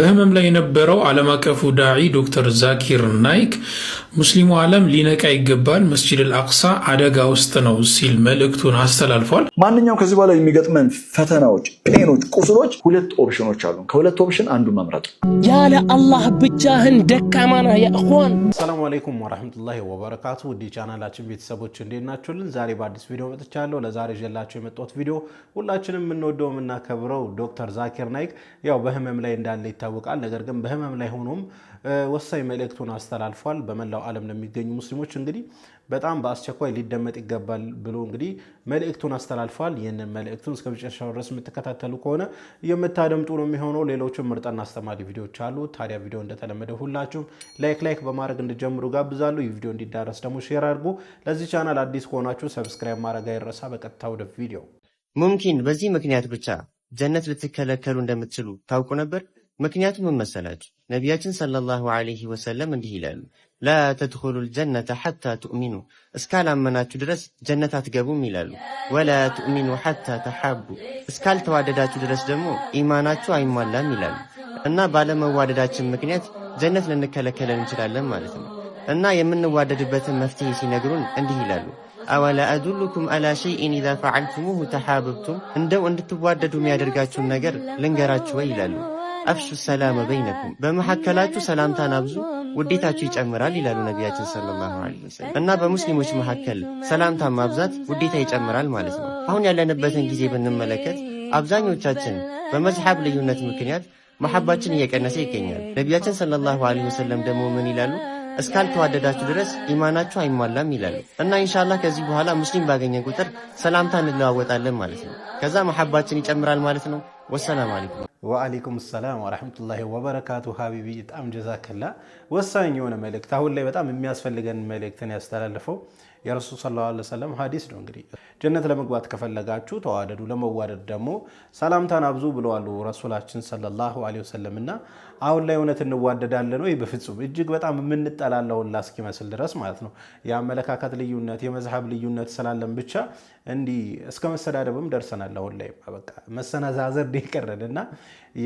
በህመም ላይ የነበረው ዓለም አቀፉ ዳዒ ዶክተር ዛኪር ናይክ ሙስሊሙ ዓለም ሊነቃ ይገባል፣ መስጂድ አልአቅሳ አደጋ ውስጥ ነው ሲል መልእክቱን አስተላልፏል። ማንኛውም ከዚህ በኋላ የሚገጥመን ፈተናዎች፣ ፔኖች፣ ቁስሎች ሁለት ኦፕሽኖች አሉ። ከሁለት ኦፕሽን አንዱ መምረጥ። ያለ አላህ ብቻህን ደካማና ነህ ሰላሙ አለይኩም ወራህመቱላሂ ወበረካቱ። ውድ ቻናላችን ቤተሰቦች እንዴት ናችሁልን? ዛሬ በአዲስ ቪዲዮ መጥቻለሁ። ለዛሬ ይዤላችሁ የመጣሁት ቪዲዮ ሁላችንም የምንወደው የምናከብረው ዶክተር ዛኪር ናይክ ያው በህመም ላይ እንዳለ ይታወቃል። ነገር ግን በህመም ላይ ሆኖም ወሳኝ መልእክቱን አስተላልፏል። በመላው ዓለም ለሚገኙ ሙስሊሞች እንግዲህ በጣም በአስቸኳይ ሊደመጥ ይገባል ብሎ እንግዲህ መልእክቱን አስተላልፏል። ይህንን መልእክቱን እስከ መጨረሻው ድረስ የምትከታተሉ ከሆነ የምታደምጡ ነው የሚሆነው። ሌሎችም ምርጥና አስተማሪ ቪዲዮዎች አሉ። ታዲያ ቪዲዮ እንደተለመደ ሁላችሁም ላይክ ላይክ በማድረግ እንድጀምሩ ጋብዛሉ። ይህ ቪዲዮ እንዲዳረስ ደግሞ ሼር አድርጉ። ለዚህ ቻናል አዲስ ከሆናችሁ ሰብስክራይብ ማድረግ አይረሳ። በቀጥታ ወደ ቪዲዮ ሙምኪን በዚህ ምክንያት ብቻ ጀነት ልትከለከሉ እንደምትችሉ ታውቁ ነበር? ምክንያቱም ምን መሰላችሁ? ነቢያችን ሰለላሁ ዐለይሂ ወሰለም እንዲህ ይላሉ፣ ላ ተድኹሉል ጀነተ ሐታ ትእሚኑ፣ እስካላመናችሁ ድረስ ጀነት አትገቡም ይላሉ። ወላ ትእሚኑ ሐታ ተሓቡ፣ እስካልተዋደዳችሁ ድረስ ደግሞ ኢማናችሁ አይሟላም ይላሉ። እና ባለመዋደዳችን ምክንያት ጀነት ልንከለከለን እንችላለን ማለት ነው። እና የምንዋደድበትን መፍትሄ ሲነግሩን እንዲህ ይላሉ አወላ አዱሉኩም አላ ሸይኢን ኢዛ ፈዓልቱሙሁ ተሓብብቱም፣ እንደው እንድትዋደዱ የሚያደርጋችሁን ነገር ልንገራችሁ ወይ ይላሉ። አፍሱ ሰላመ በይነኩም በመካከላችሁ ሰላምታን አብዙ ውዴታችሁ ይጨምራል ይላሉ ነቢያችን ሰለላሁ ዐለይሂ ወሰለም። እና በሙስሊሞች መካከል ሰላምታን ማብዛት ውዴታ ይጨምራል ማለት ነው። አሁን ያለንበትን ጊዜ ብንመለከት አብዛኞቻችን በመዝሐብ ልዩነት ምክንያት መሐባችን እየቀነሰ ይገኛል። ነቢያችን ሰለላሁ ዐለይሂ ወሰለም ደግሞ ምን ይላሉ? እስካልተዋደዳችሁ ድረስ ኢማናችሁ አይሟላም ይላሉ። እና ኢንሻላህ ከዚህ በኋላ ሙስሊም ባገኘን ቁጥር ሰላምታ እንለዋወጣለን ማለት ነው። ከዛ መሐባችን ይጨምራል ማለት ነው። ወሰላም አለይኩም ወአለይኩም ሰላም ወረሕመቱላሂ ወበረካቱ። ሀቢቢ በጣም ጀዛከላ ወሳኝ የሆነ መልእክት አሁን ላይ በጣም የሚያስፈልገን መልእክትን ያስተላልፈው የረሱል ሰለላሁ ዓለይሂ ወሰለም ሀዲስ ነው። እንግዲህ ጀነት ለመግባት ከፈለጋችሁ ተዋደዱ፣ ለመዋደድ ደግሞ ሰላምታን አብዙ ብለዋሉ ረሱላችን ሰለላሁ ዓለይሂ ወሰለም። እና አሁን ላይ እውነት እንዋደዳለን ወይ? በፍጹም እጅግ በጣም የምንጠላለውን እስኪመስል ድረስ ማለት ነው። የአመለካከት ልዩነት፣ የመዝሀብ ልዩነት ስላለን ብቻ እንዲህ እስከ መሰዳደብም ደርሰናል። አሁን ላይ በቃ መሰነዛዘር የቀረን እና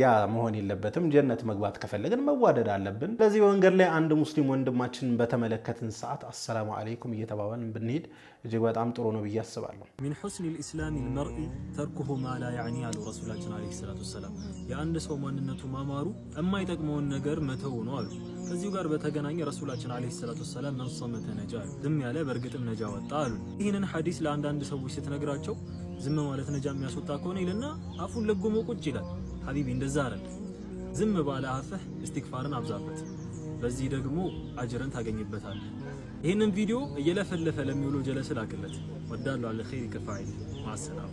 ያ መሆን የለበትም። ጀነት መግባት ከፈለግን መዋደድ አለብን። በዚህ መንገድ ላይ አንድ ሙስሊም ወንድማችንን በተመለከትን ሰዓት አሰላሙ አለይኩም እየተባባልን ብንሄድ እጅግ በጣም ጥሩ ነው ብዬ አስባለሁ። ሚን ሑስኒ ልእስላም ልመርኢ ተርኩሁ ማ ላ ያዕኒ አሉ ረሱላችን ዓለይሂ ሰላቱ ወሰላም የአንድ ሰው ማንነቱ ማማሩ የማይጠቅመውን ነገር መተው ነው አሉ። ከዚሁ ጋር በተገናኘ ረሱላችን ዓለይሂ ሰላቱ ወሰላም መን ሰመተ ነጃ አሉ። ዝም ያለ በእርግጥም ነጃ ወጣ አሉ። ይህንን ሐዲስ ለአንዳንድ ሰዎች ስትነግራቸው ዝም ማለት ነጃ የሚያስወጣ ከሆነ ይልና አፉን ለጎሞ ቁጭ ይላል። ሀቢቢ እንደዛ አይደል። ዝም ባለ አፍህ እስቲክፋርን አብዛበት። በዚህ ደግሞ አጅረን ታገኝበታለህ። ይህንን ቪዲዮ እየለፈለፈ ለሚውሉ ጀለስ ላክለት። ወዳለው አለ ኸይር ከፋይል ማሰላም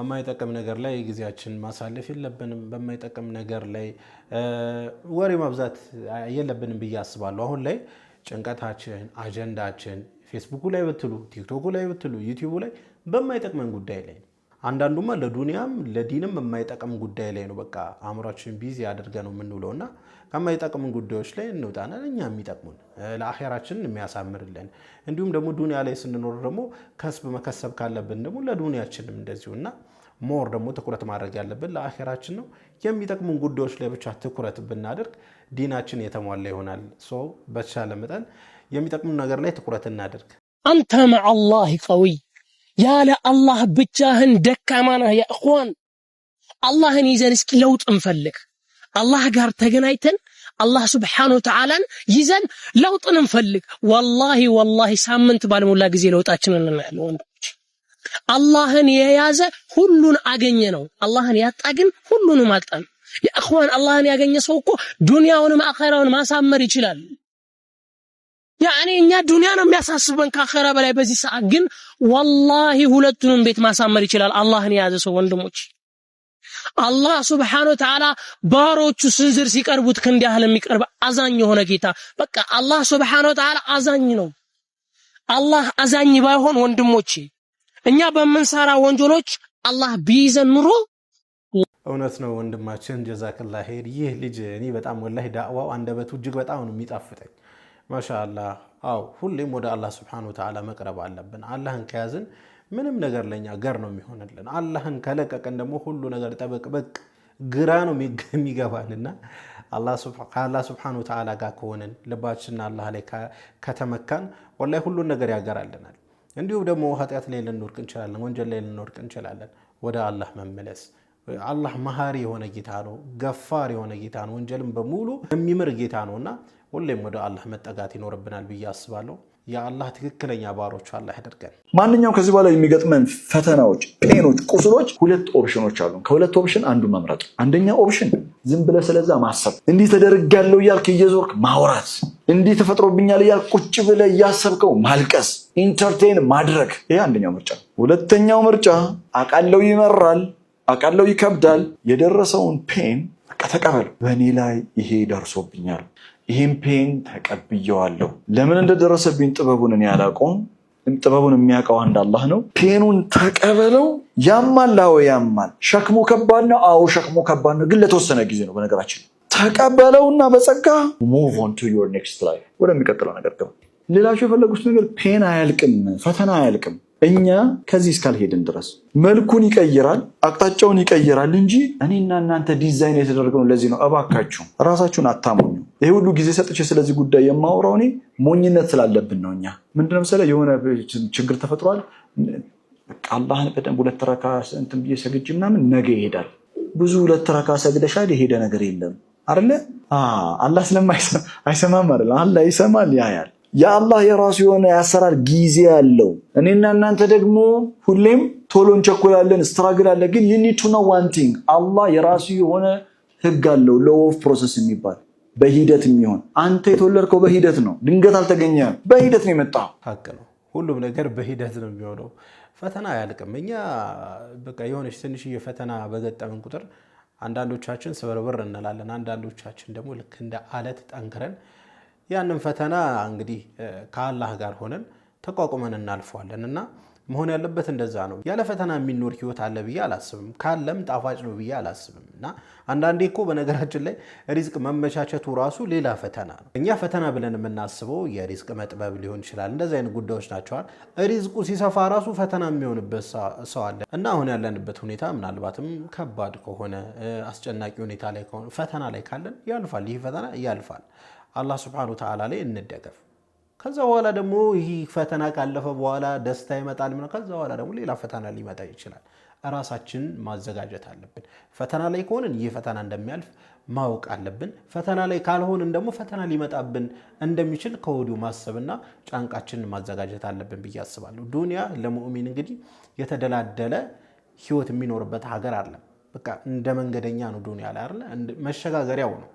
በማይጠቅም ነገር ላይ ጊዜያችን ማሳለፍ የለብንም። በማይጠቅም ነገር ላይ ወሬ ማብዛት የለብንም ብዬ አስባለሁ። አሁን ላይ ጭንቀታችን አጀንዳችን ፌስቡኩ ላይ ብትሉ ቲክቶኩ ላይ ብትሉ ዩቲዩቡ ላይ በማይጠቅመን ጉዳይ ላይ ነው። አንዳንዱማ ለዱንያም ለዲንም የማይጠቅም ጉዳይ ላይ ነው። በቃ አእምሯችን ቢዚ አድርገ ነው የምንውለው እና ከማይጠቅምን ጉዳዮች ላይ እንውጣና እኛ የሚጠቅሙን ለአኼራችንን የሚያሳምርልን እንዲሁም ደግሞ ዱንያ ላይ ስንኖር ደግሞ ከስብ መከሰብ ካለብን ደግሞ ለዱንያችንም እንደዚሁ እና ሞር ደግሞ ትኩረት ማድረግ ያለብን ለአኼራችን ነው። የሚጠቅሙን ጉዳዮች ላይ ብቻ ትኩረት ብናደርግ ዲናችን የተሟላ ይሆናል። ሰው በተቻለ መጠን የሚጠቅሙ ነገር ላይ ትኩረት እናደርግ አንተ መዐ አላህ ቀዊይ፣ ያለ አላህ ብቻህን ደካማ ነህ። የእኽዋን አላህን ይዘን እስኪ ለውጥ እንፈልግ። አላህ ጋር ተገናኝተን አላህ ስብሓነ ወተዓላን ይዘን ለውጥን እንፈልግ። ወላሂ ወላሂ ሳምንት ባልሞላ ጊዜ ለውጣችንን እናያለን ወንዶች። አላህን የያዘ ሁሉን አገኘ ነው። አላህን ያጣ ግን ሁሉንም አጣን። የእኽዋን አላህን ያገኘ ሰው እኮ ዱንያውንም አኸራውን ማሳመር ይችላል። ያኔ እኛ ዱንያ ነው የሚያሳስበን ካኸራ በላይ በዚህ ሰዓት ግን ወላሂ ሁለቱንም ቤት ማሳመር ይችላል አላህን የያዘ ሰው ወንድሞች አላህ ስብሓነ ወተዓላ ባሮቹ ስንዝር ሲቀርቡት ክንድ ያህል የሚቀርብ አዛኝ የሆነ ጌታ በቃ አላህ ስብሓነ ወተዓላ አዛኝ ነው አላህ አዛኝ ባይሆን ወንድሞች እኛ በምንሰራ ወንጀሎች አላህ ቢይዘን ኑሮ እውነት ነው ወንድማችን ጀዛክላ ሄድ ይህ ልጅ እኔ በጣም ወላሂ ዳዕዋው አንደበቱ እጅግ በጣም ነው የሚጣፍጠኝ ማሻአላህ አው ሁሌም ወደ አላህ ስብሐነ ወተዓላ መቅረብ አለብን። አላህን ከያዝን ምንም ነገር ለኛ ገር ነው የሚሆንልን። አላህን ከለቀቀን ደግሞ ሁሉ ነገር ጠበቅበቅ ግራ ነው የሚገባንና ከአላህ ስብሐነ ወተዓላ ጋር ከሆንን ልባችንና አላህ ላይ ከተመካን ወላሂ ሁሉን ነገር ያገራልናል። እንዲሁም ደግሞ ኃጢአት ላይ ልንወድቅ እንችላለን፣ ወንጀል ላይ ልንወድቅ እንችላለን። ወደ አላህ መመለስ አላህ መሀሪ የሆነ ጌታ ነው፣ ገፋር የሆነ ጌታ ነው፣ ወንጀልም በሙሉ የሚምር ጌታ ነው እና ሁሌም ወደ አላህ መጠጋት ይኖርብናል ብዬ አስባለሁ። የአላህ ትክክለኛ ባሮች አላህ ያደርገን። ማንኛውም ከዚህ በኋላ የሚገጥመን ፈተናዎች፣ ፔኖች፣ ቁስሎች ሁለት ኦፕሽኖች አሉ። ከሁለት ኦፕሽን አንዱ መምረጥ። አንደኛ ኦፕሽን ዝም ብለህ ስለዛ ማሰብ፣ እንዲህ ተደርጋለሁ እያልክ እየዞርክ ማውራት፣ እንዲህ ተፈጥሮብኛል እያልክ ቁጭ ብለህ እያሰብከው ማልቀስ፣ ኢንተርቴን ማድረግ። ይሄ አንደኛው ምርጫ። ሁለተኛው ምርጫ አቃለው ይመራል፣ አቃለው ይከብዳል። የደረሰውን ፔን ተቀበል። በእኔ ላይ ይሄ ደርሶብኛል ይህም ፔን ተቀብየዋለሁ። ለምን እንደደረሰብኝ ጥበቡን እኔ አላውቀውም። ጥበቡን የሚያውቀው አንድ አላህ ነው። ፔኑን ተቀበለው። ያማል፣ አዎ ያማል። ሸክሞ ከባድ ነው፣ አዎ ሸክሞ ከባድ ነው፣ ግን ለተወሰነ ጊዜ ነው። በነገራችን ተቀበለውና በጸጋ ሙቭ ኦን ቱ ዮር ኔክስት ላይፍ፣ ወደሚቀጥለው ነገር ግባ። ሌላቸው የፈለጉት ነገር ፔን አያልቅም፣ ፈተና አያልቅም። እኛ ከዚህ እስካልሄድን ድረስ መልኩን ይቀይራል፣ አቅጣጫውን ይቀይራል እንጂ እኔና እናንተ ዲዛይን የተደረገው ለዚህ ነው። እባካችሁ ራሳችሁን አታምኑ። ይሄ ሁሉ ጊዜ ሰጥቼ ስለዚህ ጉዳይ የማውራው እኔ ሞኝነት ስላለብን ነው። እኛ ምንድነው ስለ የሆነ ችግር ተፈጥሯል፣ አላህን በደንብ ሁለት ረካ እንትን ብዬ ሰግጄ ምናምን ነገ ይሄዳል። ብዙ ሁለት ረካ ሰግደሻል፣ የሄደ ነገር የለም አለ። አላህ ስለማይሰማም አለ። አላህ ይሰማል፣ ያያል። የአላህ የራሱ የሆነ ያሰራር ጊዜ አለው። እኔና እናንተ ደግሞ ሁሌም ቶሎ እንቸኩላለን፣ ስትራግል አለ። ግን ዩኒቱ ነው ዋንቲንግ አላህ የራሱ የሆነ ህግ አለው፣ ሎ ኦፍ ፕሮሰስ የሚባል በሂደት የሚሆን አንተ የተወለድከው በሂደት ነው። ድንገት አልተገኘ፣ በሂደት ነው የመጣው። ሀቅ ነው። ሁሉም ነገር በሂደት ነው የሚሆነው። ፈተና አያልቅም። እኛ በቃ የሆነች ትንሽዬ ፈተና በገጠምን ቁጥር አንዳንዶቻችን ስብርብር እንላለን። አንዳንዶቻችን ደግሞ ልክ እንደ አለት ጠንክረን ያንን ፈተና እንግዲህ ከአላህ ጋር ሆነን ተቋቁመን እናልፈዋለን እና መሆን ያለበት እንደዛ ነው። ያለ ፈተና የሚኖር ህይወት አለ ብዬ አላስብም። ካለም ጣፋጭ ነው ብዬ አላስብም። እና አንዳንዴ እኮ በነገራችን ላይ ሪዝቅ መመቻቸቱ ራሱ ሌላ ፈተና ነው። እኛ ፈተና ብለን የምናስበው የሪዝቅ መጥበብ ሊሆን ይችላል። እንደዚህ አይነት ጉዳዮች ናቸዋል። ሪዝቁ ሲሰፋ ራሱ ፈተና የሚሆንበት ሰው አለ እና አሁን ያለንበት ሁኔታ ምናልባትም ከባድ ከሆነ አስጨናቂ ሁኔታ ላይ ከሆነ ፈተና ላይ ካለን ያልፋል። ይህ ፈተና ያልፋል። አላህ ስብሐነሁ ወተዓላ ላይ እንደገፍ ከዛ በኋላ ደግሞ ይህ ፈተና ካለፈ በኋላ ደስታ ይመጣል። ከዛ በኋላ ደግሞ ሌላ ፈተና ሊመጣ ይችላል። ራሳችን ማዘጋጀት አለብን። ፈተና ላይ ከሆንን ይህ ፈተና እንደሚያልፍ ማወቅ አለብን። ፈተና ላይ ካልሆንን ደግሞ ፈተና ሊመጣብን እንደሚችል ከወዲሁ ማሰብና ጫንቃችንን ማዘጋጀት አለብን ብዬ አስባለሁ። ዱንያ ለሙእሚን እንግዲህ የተደላደለ ህይወት የሚኖርበት ሀገር አለ። በቃ እንደ መንገደኛ ነው ዱንያ ላይ መሸጋገሪያው ነው።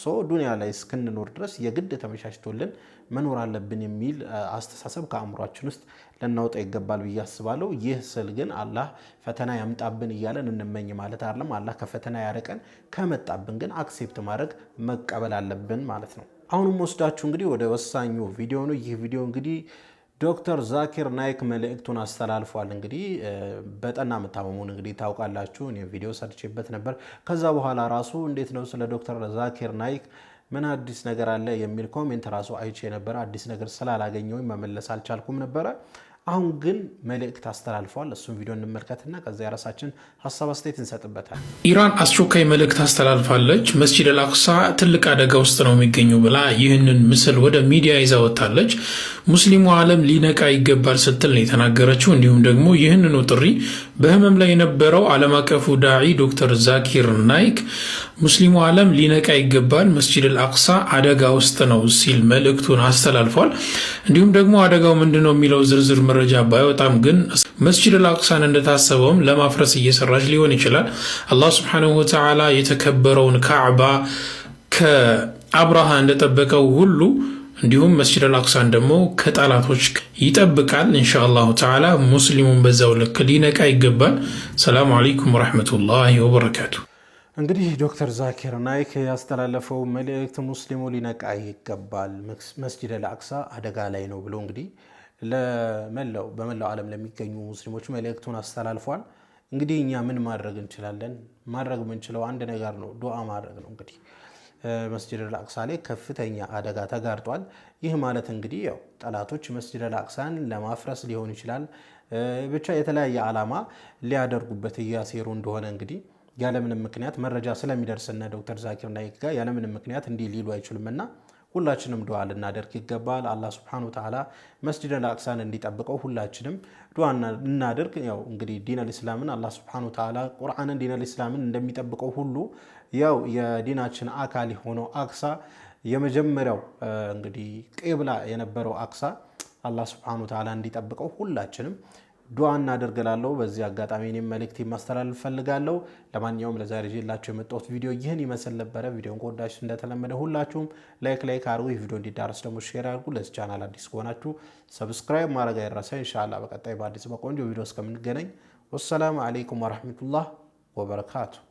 ሶ ዱንያ ላይ እስክንኖር ድረስ የግድ ተመቻችቶልን መኖር አለብን የሚል አስተሳሰብ ከአእምሯችን ውስጥ ልናውጣ ይገባል ብዬ አስባለሁ። ይህ ስል ግን አላህ ፈተና ያምጣብን እያለን እንመኝ ማለት አይደለም። አላህ ከፈተና ያረቀን፣ ከመጣብን ግን አክሴፕት ማድረግ መቀበል አለብን ማለት ነው። አሁንም ወስዳችሁ እንግዲህ ወደ ወሳኙ ቪዲዮ ነው። ይህ ቪዲዮ እንግዲህ ዶክተር ዛኪር ናይክ መልእክቱን አስተላልፏል። እንግዲህ በጠና መታመሙን እንግዲህ ታውቃላችሁ። እኔ ቪዲዮ ሰርቼበት ነበር። ከዛ በኋላ ራሱ እንዴት ነው ስለ ዶክተር ዛኪር ናይክ ምን አዲስ ነገር አለ የሚል ኮሜንት ራሱ አይቼ ነበረ። አዲስ ነገር ስላላገኘሁኝ መመለስ አልቻልኩም ነበረ። አሁን ግን መልእክት አስተላልፏል። እሱም ቪዲዮ እንመልከትና ከዚያ የራሳችን ሀሳብ አስተያየት እንሰጥበታል። ኢራን አስቸኳይ መልእክት አስተላልፋለች። መስጂድ ላኩሳ ትልቅ አደጋ ውስጥ ነው የሚገኙ ብላ ይህንን ምስል ወደ ሚዲያ ይዛ ወጥታለች። ሙስሊሙ ዓለም ሊነቃ ይገባል ስትል ነው የተናገረችው። እንዲሁም ደግሞ ይህንኑ ጥሪ በህመም ላይ የነበረው ዓለም አቀፉ ዳዒ ዶክተር ዛኪር ናይክ ሙስሊሙ ዓለም ሊነቃ ይገባል፣ መስጂድ አልአቅሳ አደጋ ውስጥ ነው ሲል መልእክቱን አስተላልፏል። እንዲሁም ደግሞ አደጋው ምንድነው የሚለው ዝርዝር መረጃ ባይወጣም ግን መስጂድ አልአቅሳን እንደታሰበውም ለማፍረስ እየሰራች ሊሆን ይችላል። አላህ ስብሓነሁ ወተዓላ የተከበረውን ካዕባ ከአብርሃ እንደጠበቀው ሁሉ እንዲሁም መስጅድ አልአቅሳን ደግሞ ከጠላቶች ይጠብቃል። እንሻ አላሁ ተዓላ ሙስሊሙን በዛው ልክ ሊነቃ ይገባል። ሰላሙ አለይኩም ወረሕመቱላሂ ወበረካቱ። እንግዲህ ዶክተር ዛኪር ናይክ ያስተላለፈው መልእክት ሙስሊሙ ሊነቃ ይገባል፣ መስጅድ አልአቅሳ አደጋ ላይ ነው ብሎ እንግዲህ ለመላው በመላው ዓለም ለሚገኙ ሙስሊሞች መልእክቱን አስተላልፏል። እንግዲህ እኛ ምን ማድረግ እንችላለን? ማድረግ የምንችለው አንድ ነገር ነው፣ ዱዓ ማድረግ ነው እንግዲህ መስጅድ ላቅሳ ላይ ከፍተኛ አደጋ ተጋርጧል። ይህ ማለት እንግዲህ ያው ጠላቶች መስጅድ ላቅሳን ለማፍረስ ሊሆን ይችላል፣ ብቻ የተለያየ ዓላማ ሊያደርጉበት እያሴሩ እንደሆነ እንግዲህ ያለምንም ምክንያት መረጃ ስለሚደርስና ዶክተር ዛኪር ናይክ ጋር ያለምንም ምክንያት እንዲህ ሊሉ አይችሉምና ሁላችንም ዱዓ ልናደርግ ይገባል። አላህ ስብሐነሁ ወተዓላ መስጅደል አቅሳን እንዲጠብቀው ሁላችንም ዱዓ እናደርግ። ያው እንግዲህ ዲን ኢስላምን አላህ ስብሐነሁ ወተዓላ ቁርአንን ዲን ኢስላምን እንደሚጠብቀው ሁሉ ያው የዲናችን አካል የሆነው አክሳ የመጀመሪያው እንግዲህ ቅብላ የነበረው አክሳ አላህ ስብሐኑ ተዓላ እንዲጠብቀው ሁላችንም ዱዓ እናደርግላለሁ። በዚህ አጋጣሚ እኔም መልእክት ማስተላለፍ ፈልጋለሁ። ለማንኛውም ለዛሬ ላቸው የመጣሁት ቪዲዮ ይህን ይመስል ነበረ። ቪዲዮን ከወዳችሁ እንደተለመደ ሁላችሁም ላይክ ላይክ አድርጉ። ይህ ቪዲዮ እንዲዳረስ ደግሞ ሼር አድርጉ። ለዚህ ቻናል አዲስ ከሆናችሁ ሰብስክራይብ ማድረግ አይረሳ። ኢንሻአላህ በቀጣይ በአዲስ በቆንጆ ቪዲዮ እስከምንገናኝ ወሰላሙ አለይኩም ወረሕመቱላህ ወበረካቱሁ።